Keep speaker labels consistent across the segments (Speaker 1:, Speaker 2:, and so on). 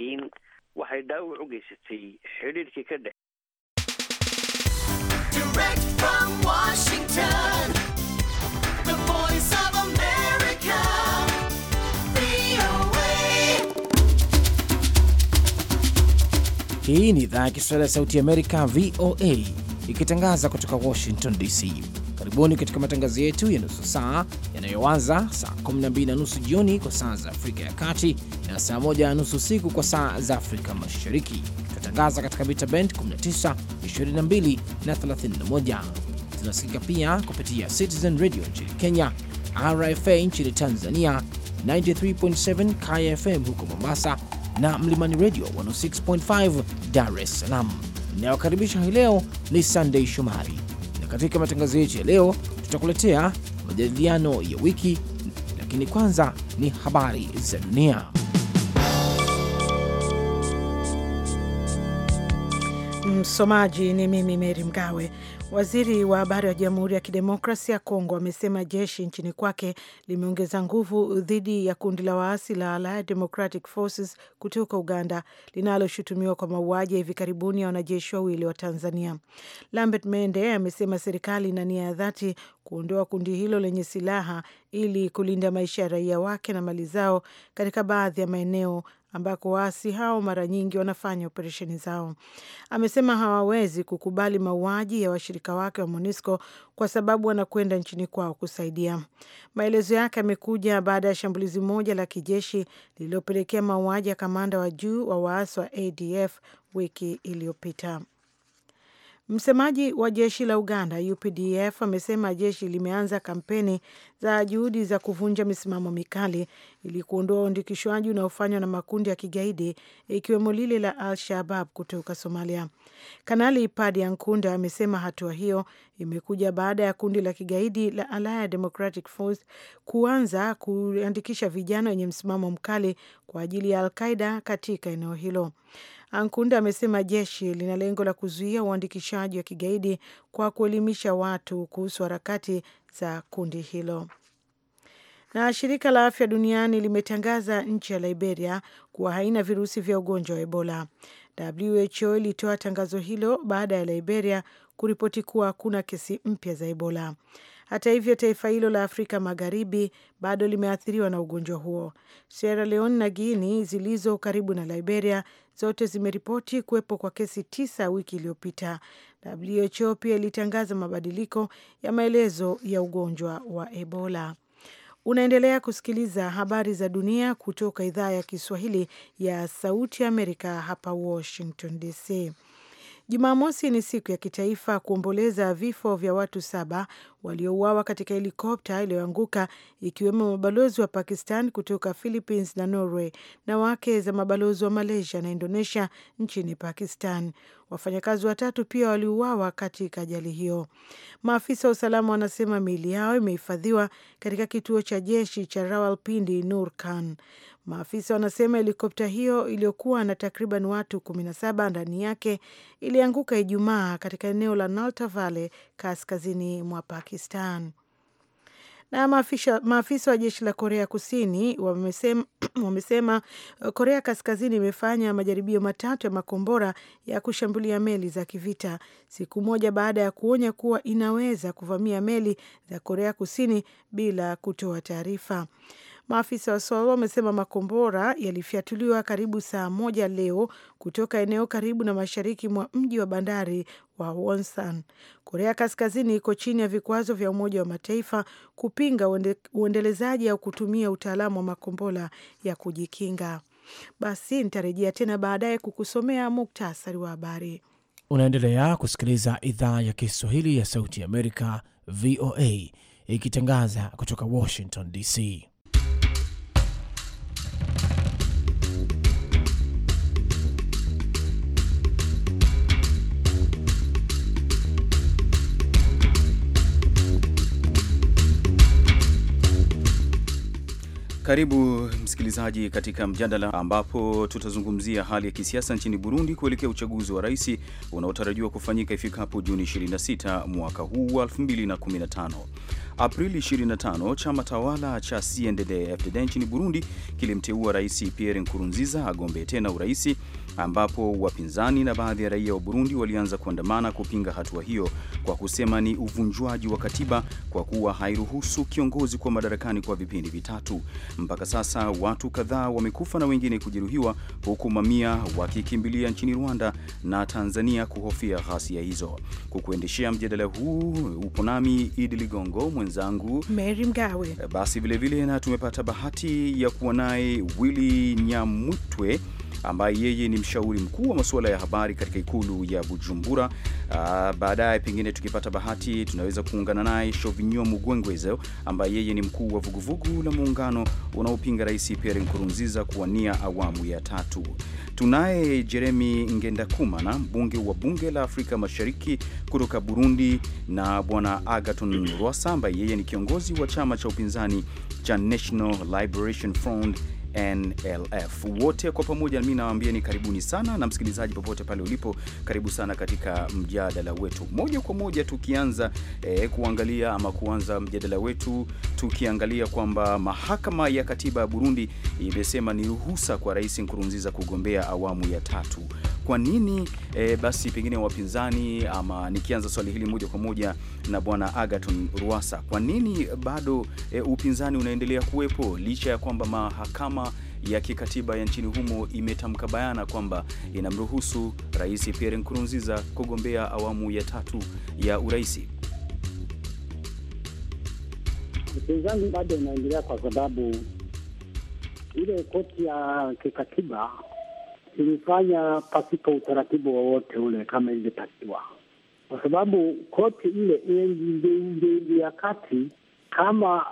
Speaker 1: laakiin waxay dhaawac u geysatay xidhiirkii ka dhex
Speaker 2: Hii ni idhaa ya Kiswahili ya Sauti Amerika, VOA, ikitangaza kutoka Washington DC. Karibuni katika matangazo yetu ya nusu saa yanayoanza saa 12 na nusu jioni kwa saa za Afrika ya Kati na saa 1 na nusu usiku kwa saa za Afrika Mashariki. Tunatangaza katika mita bend 19, 22 na 31. Tunasikika pia kupitia Citizen Radio nchini Kenya, RFA nchini Tanzania, 93.7 KFM huko Mombasa na Mlimani Radio 106.5 Dar es Salaam. Inayokaribisha hii leo ni Sunday Shomari katika matangazo yetu ya leo, tutakuletea majadiliano ya wiki, lakini kwanza ni habari za dunia.
Speaker 3: Msomaji ni mimi Meri Mgawe. Waziri wa habari wa Jamhuri ya Kidemokrasia ya Kongo amesema jeshi nchini kwake limeongeza nguvu dhidi ya kundi la waasi la Allied Democratic Forces kutoka Uganda linaloshutumiwa kwa mauaji ya hivi karibuni ya wanajeshi wawili wa Tanzania. Lambert Mende amesema serikali ina nia ya dhati kuondoa kundi hilo lenye silaha ili kulinda maisha ya raia wake na mali zao katika baadhi ya maeneo ambako waasi hao mara nyingi wanafanya operesheni zao. Amesema hawawezi kukubali mauaji ya washirika wake wa MONUSCO kwa sababu wanakwenda nchini kwao kusaidia. Maelezo yake yamekuja baada ya shambulizi moja la kijeshi lililopelekea mauaji ya kamanda wa juu wa waasi wa ADF wiki iliyopita. Msemaji wa jeshi la Uganda UPDF amesema jeshi limeanza kampeni za juhudi za kuvunja misimamo mikali ili kuondoa uandikishwaji unaofanywa na makundi ya kigaidi ikiwemo lile la Al Shabab kutoka Somalia. Kanali Padi Ankunda amesema hatua hiyo imekuja baada ya kundi la kigaidi la Allied Democratic Force kuanza kuandikisha vijana wenye msimamo mkali kwa ajili ya Alqaida katika eneo hilo. Ankunda amesema jeshi lina lengo la kuzuia uandikishaji wa kigaidi kwa kuelimisha watu kuhusu harakati za kundi hilo. Na shirika la afya duniani limetangaza nchi ya Liberia kuwa haina virusi vya ugonjwa wa Ebola. WHO ilitoa tangazo hilo baada ya Liberia kuripoti kuwa hakuna kesi mpya za Ebola. Hata hivyo, taifa hilo la Afrika Magharibi bado limeathiriwa na ugonjwa huo. Sierra Leone na Guinea zilizo karibu na Liberia zote zimeripoti kuwepo kwa kesi tisa wiki iliyopita. WHO pia ilitangaza mabadiliko ya maelezo ya ugonjwa wa Ebola. Unaendelea kusikiliza habari za dunia kutoka idhaa ya Kiswahili ya Sauti Amerika hapa Washington DC. Jumamosi ni siku ya kitaifa kuomboleza vifo vya watu saba waliouawa katika helikopta iliyoanguka ikiwemo mabalozi wa Pakistan kutoka Philippines na Norway na wake za mabalozi wa Malaysia na Indonesia nchini Pakistan. Wafanyakazi watatu pia waliuawa katika ajali hiyo. Maafisa wa usalama wanasema miili yao imehifadhiwa katika kituo cha jeshi cha Rawalpindi Nur Khan. Maafisa wanasema helikopta hiyo iliyokuwa na takriban watu 17 ndani yake ilianguka Ijumaa katika eneo la Nalta Valley kaskazini mwa Pakistan. Na maafisa wa jeshi la Korea Kusini wamesema, wamesema uh, Korea Kaskazini imefanya majaribio matatu ya makombora ya kushambulia meli za kivita siku moja baada ya kuonya kuwa inaweza kuvamia meli za Korea Kusini bila kutoa taarifa. Maafisa wa Somalia wamesema makombora yalifyatuliwa karibu saa moja leo kutoka eneo karibu na mashariki mwa mji wa bandari wa Wonsan. Korea Kaskazini iko chini ya vikwazo vya Umoja wa Mataifa kupinga uendelezaji au kutumia utaalamu wa makombora ya kujikinga. Basi nitarejea tena baadaye kukusomea muktasari wa habari.
Speaker 2: Unaendelea kusikiliza idhaa ya Kiswahili ya Sauti ya Amerika, VOA, ikitangaza kutoka Washington DC.
Speaker 4: Karibu msikilizaji katika mjadala ambapo tutazungumzia hali ya kisiasa nchini Burundi kuelekea uchaguzi wa rais unaotarajiwa kufanyika ifikapo Juni 26 mwaka huu wa 2015. Aprili 25 chama tawala cha CNDD-FDD nchini Burundi kilimteua Rais Pierre Nkurunziza agombee tena uraisi, ambapo wapinzani na baadhi ya raia wa Burundi walianza kuandamana kupinga hatua hiyo kwa kusema ni uvunjwaji wa katiba kwa kuwa hairuhusu kiongozi kuwa madarakani kwa vipindi vitatu. Mpaka sasa watu kadhaa wamekufa na wengine kujeruhiwa, huku mamia wakikimbilia nchini Rwanda na Tanzania kuhofia ghasia hizo. Kukuendeshea mjadala huu upo nami Idi Ligongo mwenzangu Mary Mgawe. Eh, basi vilevile na tumepata bahati ya kuwa naye Willy Nyamwitwe ambaye yeye ni mshauri mkuu wa masuala ya habari katika ikulu ya Bujumbura. Ah, baadaye pengine tukipata bahati tunaweza kuungana naye Shovinyo Mugwengwezo ambaye yeye ni mkuu wa vuguvugu la muungano unaopinga Rais Pierre Nkurunziza kuwania awamu ya tatu. Tunaye Jeremi Ngendakumana, mbunge wa bunge la Afrika Mashariki kutoka Burundi, na bwana Agaton Rwasa ambaye yeye ni kiongozi wa chama cha upinzani cha National Liberation Front NLF. Wote kwa pamoja, mi nawaambia ni karibuni sana, na msikilizaji popote pale ulipo, karibu sana katika mjadala wetu moja kwa moja, tukianza eh, kuangalia ama kuanza mjadala wetu tukiangalia kwamba mahakama ya katiba ya Burundi imesema ni ruhusa kwa Rais Nkurunziza kugombea awamu ya tatu. Kwa nini? E, basi pengine wapinzani ama nikianza swali hili moja kwa moja na bwana Agaton Ruasa, kwa nini bado e, upinzani unaendelea kuwepo licha ya kwamba mahakama ya kikatiba ya nchini humo imetamka bayana kwamba inamruhusu Rais Pierre Nkurunziza kugombea awamu ya tatu ya uraisi.
Speaker 5: Upinzani bado unaendelea kwa sababu ile koti ya kikatiba ilifanya pasipo utaratibu wowote ule kama ilivyotakiwa, kwa sababu koti ile ile ya kati kama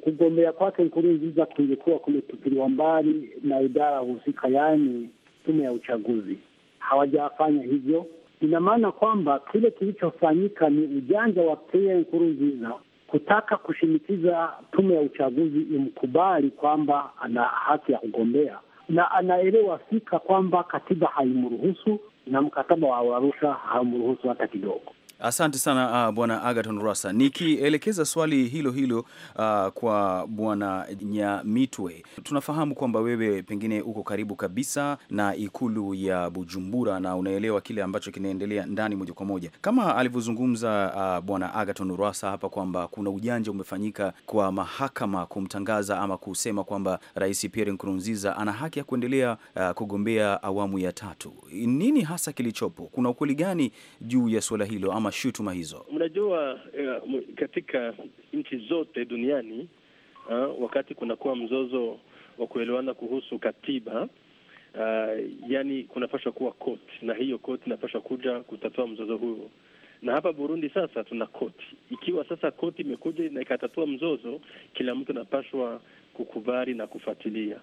Speaker 5: kugombea kwake Nkurunziza kungekuwa kumetupiliwa mbali na idara husika, yaani tume ya uchaguzi. Hawajafanya hivyo, ina maana kwamba kile kilichofanyika ni ujanja wa Pierre Nkurunziza kutaka kushinikiza tume ya uchaguzi imkubali kwamba ana haki ya kugombea, na anaelewa fika kwamba katiba haimruhusu na mkataba wa Arusha haumruhusu hata kidogo.
Speaker 4: Asante sana uh, bwana Agaton rasa Nikielekeza swali hilo hilo uh, kwa bwana Nyamitwe, tunafahamu kwamba wewe pengine uko karibu kabisa na ikulu ya Bujumbura na unaelewa kile ambacho kinaendelea ndani moja kwa moja, kama alivyozungumza uh, bwana Agaton rasa hapa kwamba kuna ujanja umefanyika kwa mahakama kumtangaza ama kusema kwamba Rais Pierre Nkurunziza ana haki ya kuendelea uh, kugombea awamu ya tatu. Nini hasa kilichopo? Kuna ukweli gani juu ya suala hilo ama shutuma hizo?
Speaker 1: Mnajua uh, katika nchi zote duniani uh, wakati kunakuwa mzozo wa kuelewana kuhusu katiba uh, yani kunapashwa kuwa koti, na hiyo koti inapashwa kuja kutatua mzozo huo na hapa Burundi sasa tuna koti. Ikiwa sasa koti imekuja na ikatatua mzozo, kila mtu anapashwa kukubali na kufuatilia,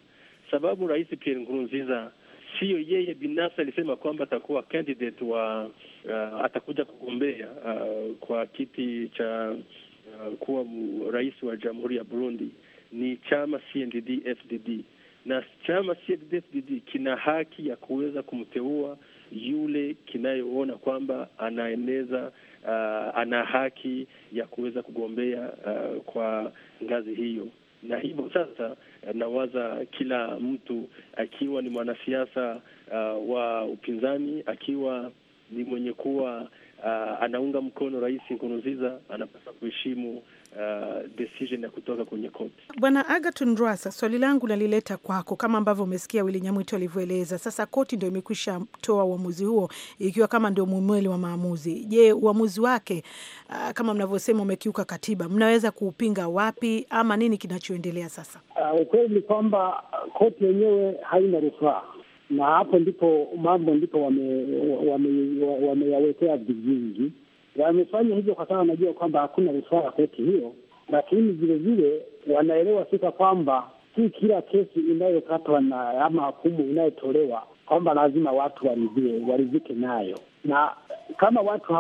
Speaker 1: sababu Rais Pierre Nkurunziza Sio yeye binafsi alisema kwamba atakuwa candidate wa uh, atakuja kugombea uh, kwa kiti cha uh, kuwa rais wa jamhuri ya Burundi. Ni chama CNDD FDD, na chama CNDD FDD kina haki ya kuweza kumteua yule kinayoona kwamba anaeneza uh, ana haki ya kuweza kugombea uh, kwa ngazi hiyo na hivyo sasa eh, nawaza kila mtu akiwa ni mwanasiasa uh, wa upinzani akiwa ni mwenye kuwa uh, anaunga mkono Rais Nkurunziza anapasa kuheshimu Uh, decision ya kutoka kwenye
Speaker 3: koti. Bwana Agaton Rwasa, swali langu nalileta kwako kama ambavyo umesikia Wili Nyamwito alivyoeleza. Sasa koti ndio imekwisha toa uamuzi huo, ikiwa kama ndio mwimweli wa maamuzi. Je, uamuzi wake uh, kama mnavyosema umekiuka katiba, mnaweza kuupinga wapi ama nini kinachoendelea sasa?
Speaker 5: Uh, ukweli ni kwamba uh, koti yenyewe haina rufaa, na hapo ndipo mambo ndipo wameyawekea wame, wame, wame vigingi Wamefanya hivyo kwa sababu wanajua kwamba hakuna rufaa koti hiyo, lakini vilevile wanaelewa fika kwamba si kila kesi inayokatwa na ama hukumu inayotolewa kwamba lazima watu waridhie waridhike nayo, na kama watu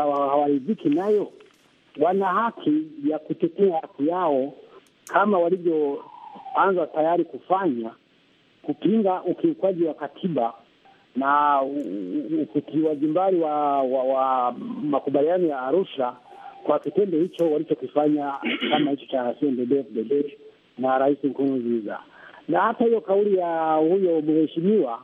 Speaker 5: hawaridhiki nayo, wana haki ya kutetea haki yao kama walivyoanza tayari kufanya kupinga ukiukwaji wa katiba na ufikiwaji mbali wa, wa, wa makubaliano ya Arusha kwa kitendo hicho walichokifanya kama hicho cha CNDD-FDD na Rais Nkurunziza, na hata hiyo kauli ya huyo mheshimiwa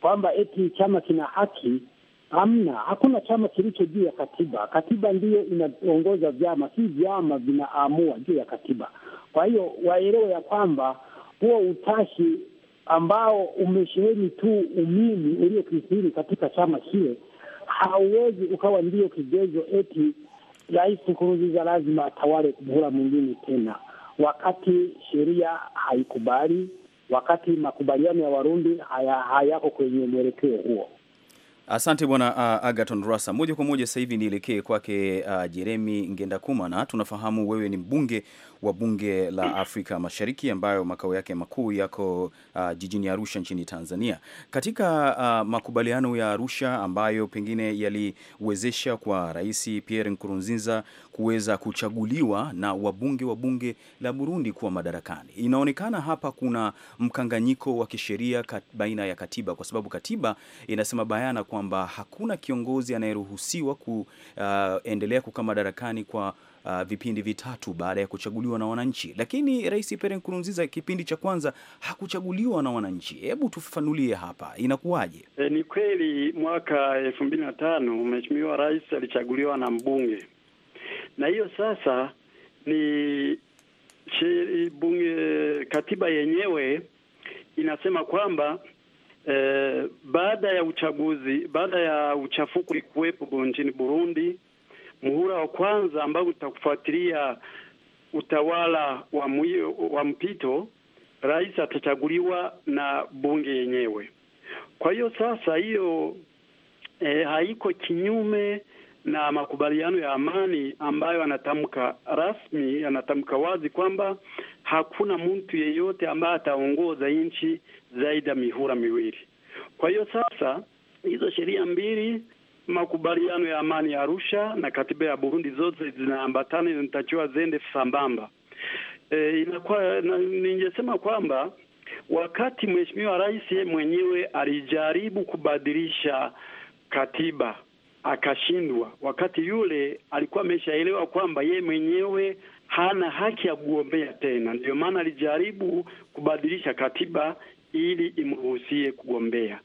Speaker 5: kwamba eti chama kina haki Hamna, hakuna chama kilicho juu ya katiba. Katiba ndiyo inaongoza vyama, si vyama vinaamua juu ya katiba. Kwa hiyo waelewe ya kwamba huo utashi ambao umesheheni tu umimi uliokithiri katika chama kile, hauwezi ukawa ndio kigezo eti Rais Nkurunziza lazima atawale muhula mwingine tena, wakati sheria haikubali, wakati makubaliano ya Warundi hayako haya kwenye mwelekeo huo.
Speaker 4: Asante bwana uh, Agaton rasa Moja kwa moja sasa hivi nielekee kwake uh, Jeremi Ngendakumana. Tunafahamu wewe ni mbunge wa bunge la Afrika Mashariki ambayo makao yake makuu yako uh, jijini Arusha nchini Tanzania. Katika uh, makubaliano ya Arusha ambayo pengine yaliwezesha kwa Rais Pierre Nkurunziza kuweza kuchaguliwa na wabunge wa bunge la Burundi kuwa madarakani. Inaonekana hapa kuna mkanganyiko wa kisheria baina ya katiba, kwa sababu katiba inasema bayana kwamba hakuna kiongozi anayeruhusiwa kuendelea uh, kukaa madarakani kwa Uh, vipindi vitatu baada ya kuchaguliwa na wananchi, lakini Rais Pierre Nkurunziza kipindi cha kwanza hakuchaguliwa na wananchi. Hebu tufafanulie hapa inakuwaje?
Speaker 6: E, ni kweli mwaka elfu mbili na tano mheshimiwa rais alichaguliwa na mbunge na hiyo sasa ni bunge, katiba yenyewe inasema kwamba eh, baada ya uchaguzi, baada ya uchafuku ulikuwepo nchini Burundi, muhula wa kwanza ambao utakufuatilia utawala wa, mwiyo, wa mpito, rais atachaguliwa na bunge yenyewe. Kwa hiyo sasa hiyo eh, haiko kinyume na makubaliano ya amani ambayo anatamka rasmi, anatamka wazi kwamba hakuna mtu yeyote ambaye ataongoza nchi zaidi ya mihura miwili. Kwa hiyo sasa hizo sheria mbili, makubaliano ya amani ya Arusha na katiba ya Burundi, zote zinaambatana, zinatakiwa zende sambamba. E, inakuwa ningesema kwamba wakati mheshimiwa rais mwenyewe alijaribu kubadilisha katiba akashindwa, wakati yule alikuwa ameshaelewa kwamba yeye mwenyewe hana haki ya kugombea tena. ndio maana alijaribu kubadilisha katiba ili imruhusie kugombea.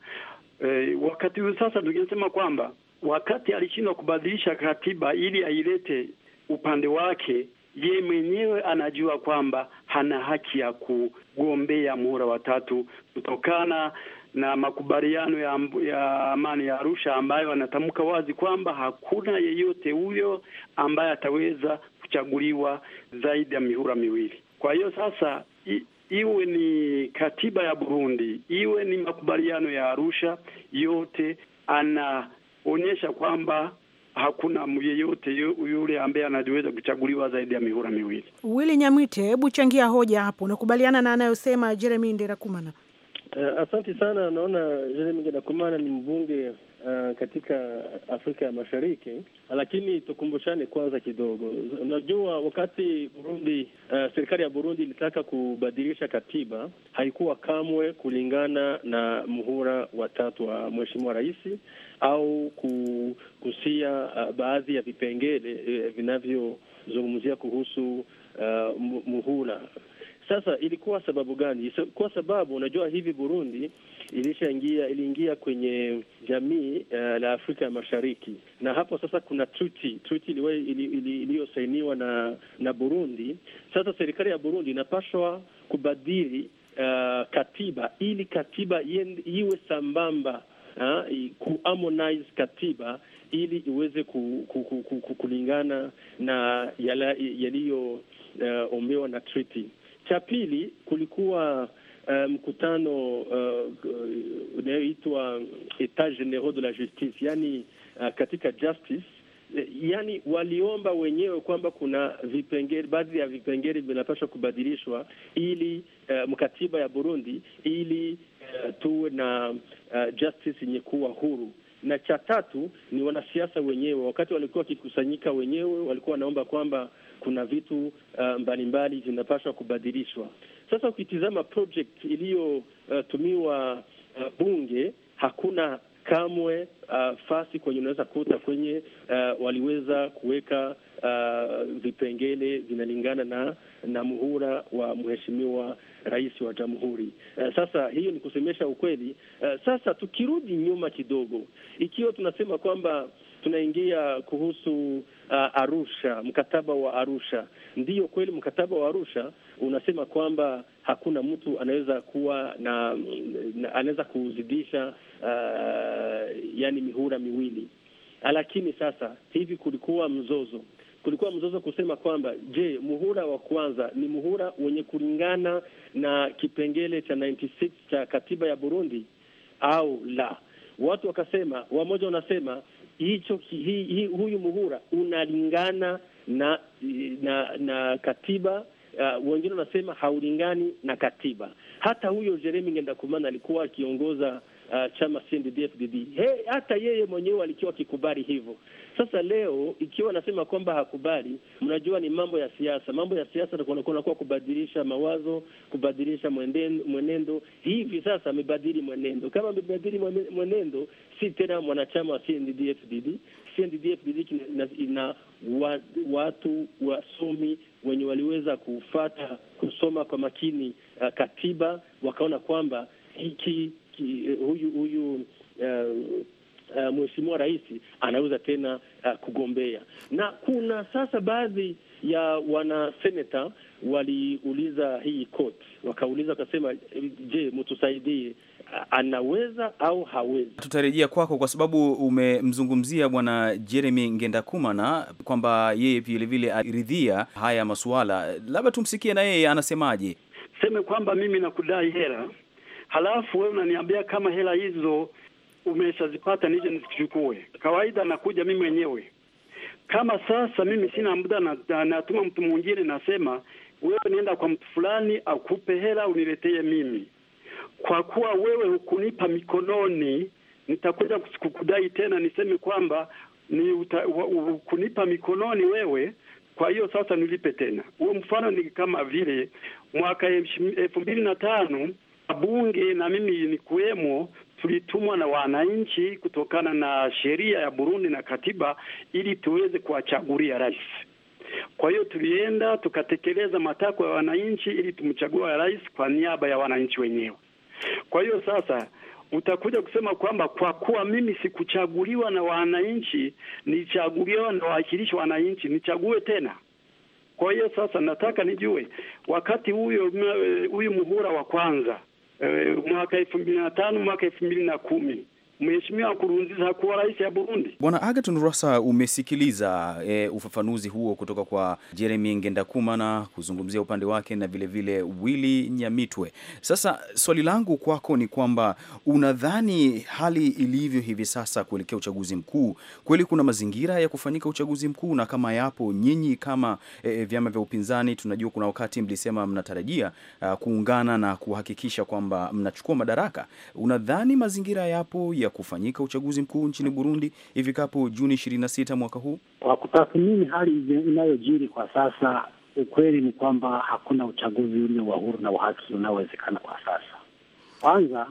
Speaker 6: E, wakati huu sasa tukisema kwamba wakati alishindwa kubadilisha katiba ili ailete upande wake, ye mwenyewe anajua kwamba hana haki ya kugombea muhula wa tatu kutokana na makubaliano ya, ya amani ya Arusha ambayo anatamka wazi kwamba hakuna yeyote huyo ambaye ataweza kuchaguliwa zaidi ya mihura miwili. Kwa hiyo sasa i, iwe ni katiba ya Burundi, iwe ni makubaliano ya Arusha, yote anaonyesha kwamba hakuna yeyote yule ambaye anaweza kuchaguliwa zaidi ya mihura miwili.
Speaker 3: Willy Nyamwite, hebu changia hoja hapo, unakubaliana na anayosema Jeremy Nderakumana?
Speaker 1: Uh, asante sana. Naona Jeremy Gedakumana ni mbunge uh, katika Afrika ya Mashariki, lakini tukumbushane kwanza kidogo. Unajua, wakati Burundi uh, serikali ya Burundi ilitaka kubadilisha katiba, haikuwa kamwe kulingana na muhura wa tatu wa mheshimiwa rais au kugusia uh, baadhi ya vipengele uh, vinavyozungumzia kuhusu uh, muhula sasa ilikuwa sababu gani? Kwa sababu unajua hivi Burundi ilishaingia iliingia kwenye jamii uh, la Afrika ya Mashariki, na hapo sasa kuna treaty treaty iliyosainiwa na na Burundi. Sasa serikali ya Burundi inapaswa kubadili uh, katiba ili katiba iwe sambamba uh, eh, kuharmonize katiba ili iweze ku, ku, ku, ku, kulingana na yaliyoombewa uh, na treaty. Cha pili, kulikuwa eh, mkutano um, uh, eh, unayoitwa Etat Generaux de la Justice, yani uh, katika justice yani waliomba wenyewe kwamba kuna vipengele, baadhi ya vipengele vinapaswa kubadilishwa ili uh, mkatiba ya Burundi ili uh, tuwe na uh, justice yenye kuwa huru. Na cha tatu ni wanasiasa wenyewe, wakati walikuwa wakikusanyika wenyewe walikuwa wanaomba kwamba kuna vitu uh, mbalimbali vinapaswa kubadilishwa. Sasa ukitizama project iliyotumiwa uh, uh, bunge hakuna kamwe uh, fasi kwenye unaweza kuta kwenye uh, waliweza kuweka uh, vipengele vinalingana na na muhula wa mheshimiwa rais wa jamhuri. Uh, sasa hiyo ni kusemesha ukweli. Uh, sasa tukirudi nyuma kidogo, ikiwa tunasema kwamba tunaingia kuhusu uh, Arusha, mkataba wa Arusha. Ndiyo kweli mkataba wa Arusha unasema kwamba hakuna mtu anaweza kuwa na, na anaweza kuzidisha uh, yani mihura miwili, lakini sasa hivi kulikuwa mzozo kulikuwa mzozo kusema kwamba je, muhura wa kwanza ni muhura wenye kulingana na kipengele cha 96 cha katiba ya Burundi au la. Watu wakasema, wamoja wanasema hicho hi, hi, huyu muhura unalingana na na, na katiba uh, wengine wanasema haulingani na katiba. Hata huyo Jeremy Ngendakumana alikuwa akiongoza uh, chama CNDD-FDD. He, hata yeye mwenyewe alikuwa akikubali hivyo. Sasa leo ikiwa anasema kwamba hakubali, mnajua ni mambo ya siasa. Mambo ya siasa kunakuwa kubadilisha mawazo, kubadilisha mwenendo, mwenendo. Hivi sasa amebadili mwenendo. Kama amebadili mwenendo, si tena mwanachama wa CNDD-FDD. CNDD-FDD ina, ina wa, watu wasomi wenye waliweza kufata kusoma kwa makini uh, katiba wakaona kwamba hiki ki, huyu huyu uh, Uh, Mheshimiwa Rais anaweza tena uh, kugombea. Na kuna sasa baadhi ya wanaseneta waliuliza hii koti, wakauliza wakasema, je, mtusaidie anaweza
Speaker 5: au hawezi.
Speaker 4: Tutarejea kwako kwa sababu umemzungumzia Bwana Jeremy Ngendakumana kwamba yeye vilevile aridhia haya masuala, labda tumsikie na yeye anasemaje.
Speaker 6: Seme kwamba mimi nakudai hela halafu wewe unaniambia kama hela hizo umeshazipata nije nizichukue Kawaida nakuja mimi mwenyewe. Kama sasa mimi sina muda, natuma mtu mwingine, nasema wewe nienda kwa mtu fulani akupe hela uniletee mimi. Kwa kuwa wewe hukunipa mikononi, nitakuja kukudai tena niseme kwamba ni uta, kunipa mikononi wewe, kwa hiyo sasa nilipe tena. Huo mfano ni kama vile mwaka elfu mbili na tano abunge na mimi ni kuwemo tulitumwa na wananchi kutokana na sheria ya Burundi na katiba, ili tuweze kuwachagulia rais. Kwa hiyo tulienda tukatekeleza matakwa ya wananchi ili tumchagua rais kwa niaba ya wananchi wenyewe. Kwa hiyo sasa utakuja kusema kwamba kwa kuwa mimi sikuchaguliwa na wananchi, nichaguliwa na wawakilishi wa wananchi, nichague tena? Kwa hiyo sasa nataka nijue wakati huyo huyu muhura wa kwanza Eh, mwaka elfu mbili na tano mwaka elfu mbili na kumi Mheshimiwa Nkurunziza hakuwa rais ya Burundi.
Speaker 4: Bwana Agathon Rwasa, umesikiliza e, ufafanuzi huo kutoka kwa Jeremy Ngendakumana kuzungumzia upande wake na vilevile vile Willy Nyamitwe. Sasa swali langu kwako ni kwamba unadhani hali ilivyo hivi sasa kuelekea uchaguzi mkuu, kweli kuna mazingira ya kufanyika uchaguzi mkuu? Na kama yapo, nyinyi kama e, vyama vya upinzani, tunajua kuna wakati mlisema mnatarajia a, ah, kuungana na kuhakikisha kwamba mnachukua madaraka. Unadhani mazingira yapo ya ya kufanyika uchaguzi mkuu nchini Burundi ifikapo Juni 26 mwaka huu?
Speaker 5: Kwa kutathmini hali inayojiri kwa sasa, ukweli ni kwamba hakuna uchaguzi ule wa huru na wa haki unaowezekana kwa sasa. Kwanza,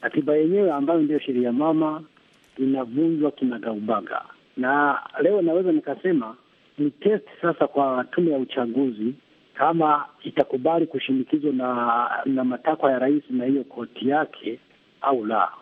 Speaker 5: katiba yenyewe ambayo ndiyo sheria mama inavunjwa kinagaubaga, na leo naweza nikasema ni test sasa kwa tume ya uchaguzi kama itakubali kushinikizwa na na matakwa ya rais na hiyo koti yake au la.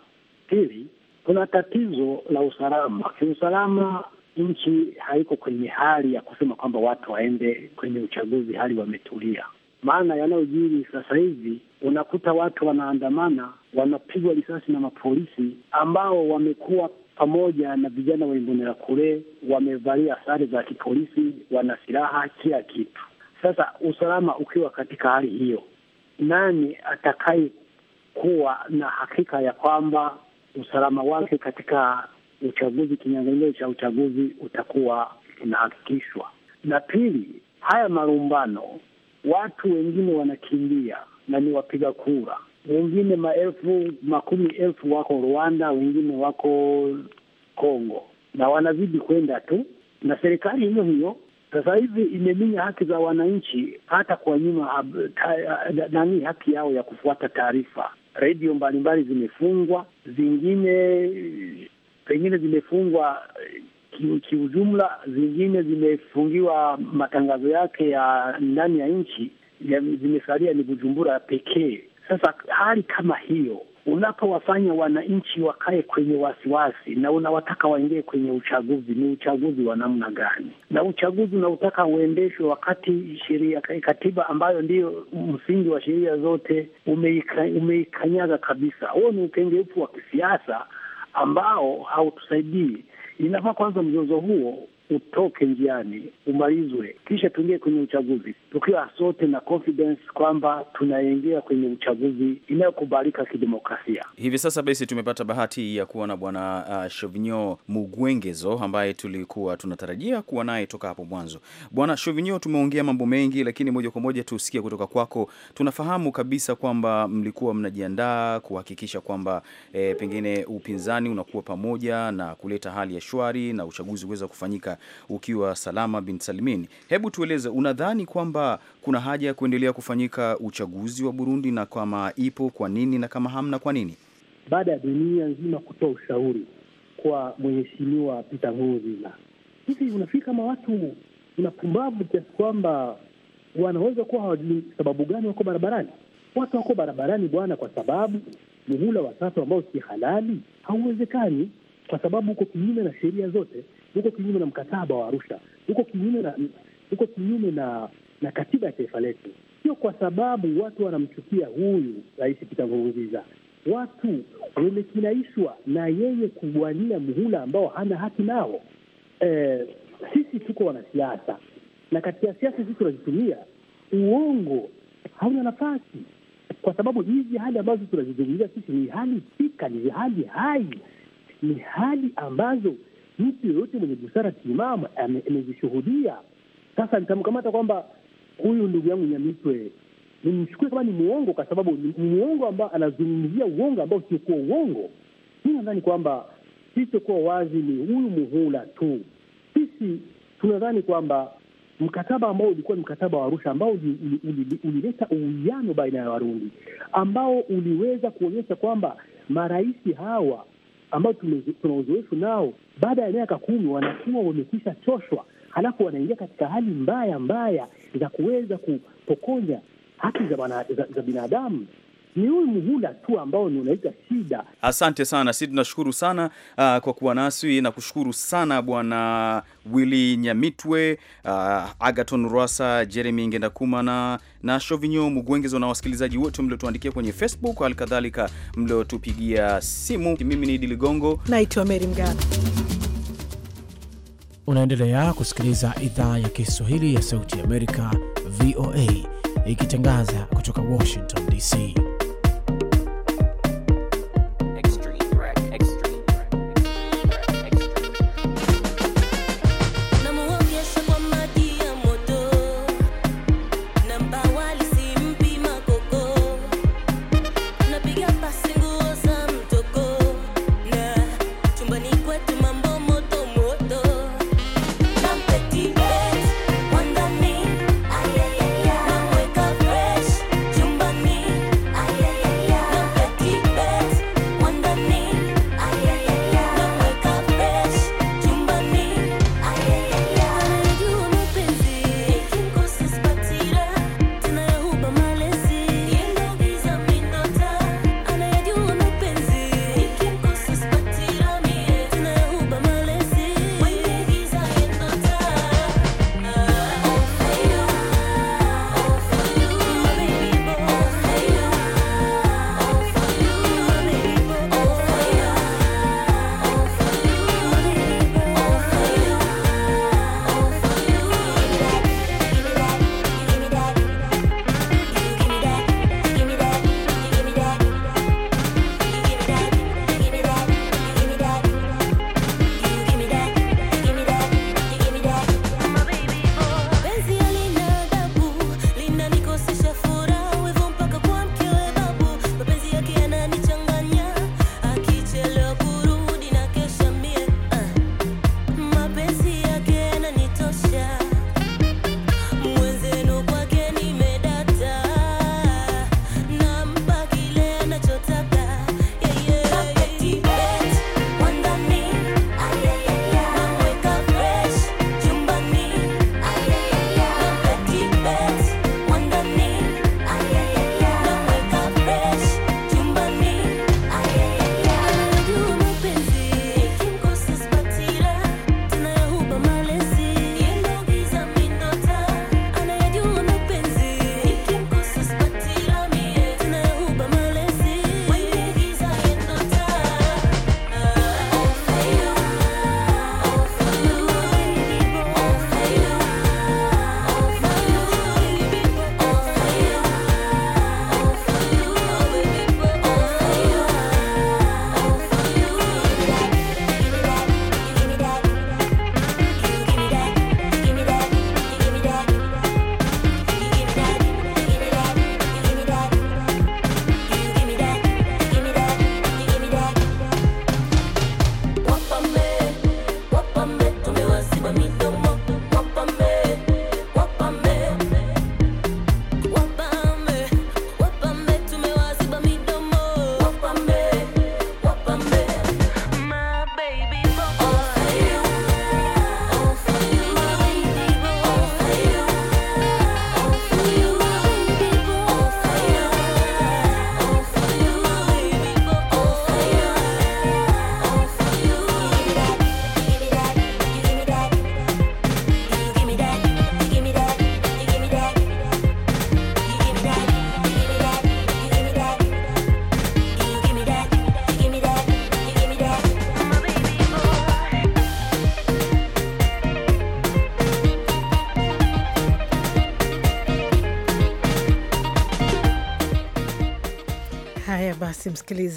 Speaker 5: Pili, kuna tatizo la usalama. Kiusalama, nchi haiko kwenye hali ya kusema kwamba watu waende kwenye uchaguzi hali wametulia. Maana yanayojiri sasa hivi unakuta watu wanaandamana, wanapigwa risasi na mapolisi ambao wamekuwa pamoja na vijana wa kule wamevalia sare za kipolisi, wana silaha, kila kitu. Sasa usalama ukiwa katika hali hiyo, nani atakaye kuwa na hakika ya kwamba usalama wake katika uchaguzi, kinyang'anyiro cha uchaguzi utakuwa unahakikishwa. Na pili, haya marumbano, watu wengine wanakimbia na ni wapiga kura, wengine maelfu makumi elfu wako Rwanda, wengine wako Kongo na wanazidi kwenda tu, na serikali hiyo hiyo sasa hivi imeminya haki za wananchi, hata kwa nyuma nani, haki yao ya kufuata taarifa redio mbalimbali zimefungwa, zingine pengine zimefungwa eh, kiujumla, zingine zimefungiwa matangazo yake ya ndani ya nchi, zimesalia ni Bujumbura pekee. Sasa hali kama hiyo unapowafanya wananchi wakae kwenye wasiwasi na unawataka waingie kwenye uchaguzi, ni uchaguzi wa namna gani? Na uchaguzi unautaka uendeshwe wakati sheria, katiba ambayo ndiyo msingi wa sheria zote umeika, umeikanyaga kabisa. Huo ni ukengeufu wa kisiasa ambao hautusaidii. Inafaa kwanza mzozo huo utoke njiani, umalizwe, kisha tuingie kwenye uchaguzi tukiwa sote na confidence kwamba tunaingia kwenye uchaguzi inayokubalika kidemokrasia.
Speaker 4: Hivi sasa basi tumepata bahati ya kuwa na bwana uh, Shovinyo Mugwengezo ambaye tulikuwa tunatarajia kuwa naye toka hapo mwanzo. Bwana Shovinyo, tumeongea mambo mengi, lakini moja kwa moja tusikie kutoka kwako. Tunafahamu kabisa kwamba mlikuwa mnajiandaa kuhakikisha kwamba eh, pengine upinzani unakuwa pamoja na kuleta hali ya shwari na uchaguzi uweza kufanyika ukiwa salama bin salmini hebu tueleze, unadhani kwamba kuna haja ya kuendelea kufanyika uchaguzi wa Burundi, na kama ipo kwa nini, na kama hamna kwa nini?
Speaker 5: Baada ya dunia nzima kutoa ushauri kwa mheshimiwa Pita Nkurunziza, hivi unafikiri kama watu unapumbavu kiasi kwamba wanaweza kuwa hawajui sababu gani wako barabarani? Watu wako barabarani bwana, kwa sababu muhula watatu ambao si halali hauwezekani, kwa sababu uko kinyume na sheria zote huko kinyume na mkataba wa Arusha, huko kinyume na huko kinyume na na katiba ya taifa letu. Sio kwa sababu watu wanamchukia huyu Rais Pita Nkurunziza, watu wamekinaishwa na yeye kugwania muhula ambao hana haki nao. E, sisi tuko wanasiasa na katika siasa sisi tunazitumia uongo, hauna nafasi kwa sababu hizi hali ambazo tunazizungumzia sisi ni hali fika, ni hali hai, ni hali ambazo mtu yoyote mwenye busara timamu amezishuhudia. Sasa nitamkamata kwamba huyu ndugu yangu Nyamitwe nimchukue kama ni muongo, kwa sababu ni muongo ambao anazungumzia uongo ambao usiokuwa uongo. Mi nadhani kwamba kilichokuwa wazi ni huyu muhula tu. Sisi tunadhani kwamba mkataba ambao ulikuwa ni mkataba wa Arusha ambao ulileta uwiano baina ya Warundi ambao uliweza kuonyesha kwamba marais hawa ambao tuna uzoefu nao, baada ya miaka kumi wanakuwa wamekwisha choshwa, halafu wanaingia katika hali mbaya mbaya za kuweza kupokonya haki za, za, za binadamu ni huyu muhula tu ambao ni unaita shida.
Speaker 4: Asante sana, si tunashukuru sana uh, kwa kuwa nasi na kushukuru sana Bwana Willy Nyamitwe, uh, Agaton Rwasa, Jeremy Ngendakumana na Shovinyo Mugwengezo na wasikilizaji wote mliotuandikia kwenye Facebook, halikadhalika mliotupigia simu. Mimi ni Idi Ligongo,
Speaker 3: naitwa Meri Mgana.
Speaker 2: Unaendelea kusikiliza idhaa ya Kiswahili ya Sauti ya Amerika, VOA, ikitangaza kutoka Washington DC.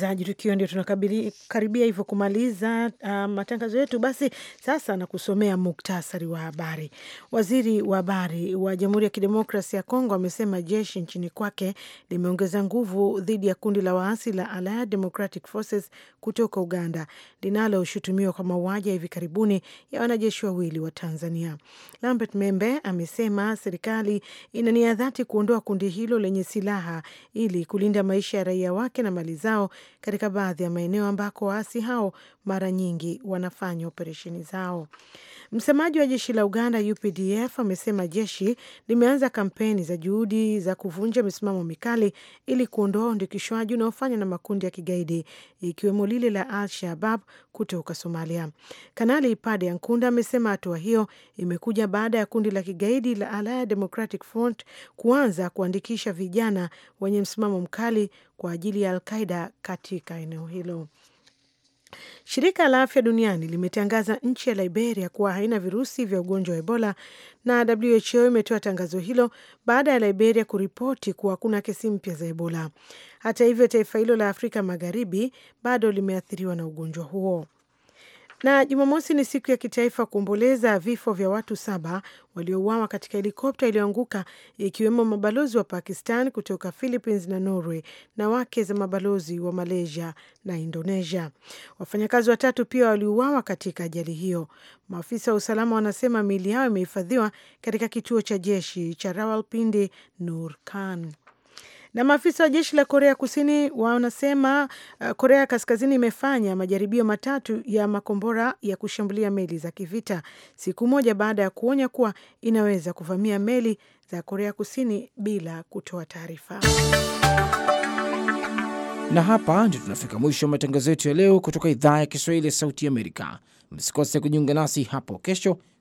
Speaker 3: msikilizaji, tukiwa ndio tunakaribia hivyo kumaliza uh, matangazo yetu, basi sasa na kusomea muktasari wa habari. Waziri wa habari wa Jamhuri ya Kidemokrasia ya Kongo amesema jeshi nchini kwake limeongeza nguvu dhidi ya kundi la waasi la Allied Democratic Forces kutoka Uganda linaloshutumiwa kwa mauaji ya hivi karibuni ya wanajeshi wawili wa Tanzania. Lambert Membe amesema serikali ina nia dhati kuondoa kundi hilo lenye silaha ili kulinda maisha ya raia wake na mali zao katika baadhi ya maeneo ambako waasi hao mara nyingi wanafanya operesheni zao. Msemaji wa jeshi la Uganda UPDF amesema jeshi limeanza kampeni za juhudi za kuvunja misimamo mikali ili kuondoa undikishwaji unaofanywa na makundi ya kigaidi ikiwemo lile la Al Shabab kutoka Somalia. Kanali Ipade Yankunda amesema hatua hiyo imekuja baada ya kundi la kigaidi la Allied Democratic Front kuanza kuandikisha vijana wenye msimamo mkali kwa ajili ya alqaida katika eneo hilo. Shirika la Afya Duniani limetangaza nchi ya Liberia kuwa haina virusi vya ugonjwa wa Ebola na WHO imetoa tangazo hilo baada ya Liberia kuripoti kuwa hakuna kesi mpya za Ebola. Hata hivyo, taifa hilo la Afrika Magharibi bado limeathiriwa na ugonjwa huo. Na Jumamosi ni siku ya kitaifa kuomboleza vifo vya watu saba waliouawa katika helikopta iliyoanguka ikiwemo mabalozi wa Pakistan kutoka Philippines na Norway na wake za mabalozi wa Malaysia na Indonesia. Wafanyakazi watatu pia waliuawa katika ajali hiyo. Maafisa wa usalama wanasema miili yao imehifadhiwa katika kituo cha jeshi cha Rawalpindi Nur Khan. Na maafisa wa jeshi la Korea Kusini wanasema uh, Korea Kaskazini imefanya majaribio matatu ya makombora ya kushambulia meli za kivita siku moja baada ya kuonya kuwa inaweza kuvamia meli za Korea Kusini bila kutoa taarifa.
Speaker 2: Na hapa ndio tunafika mwisho wa matangazo yetu ya leo kutoka idhaa ya Kiswahili ya Sauti Amerika. Msikose kujiunga nasi hapo kesho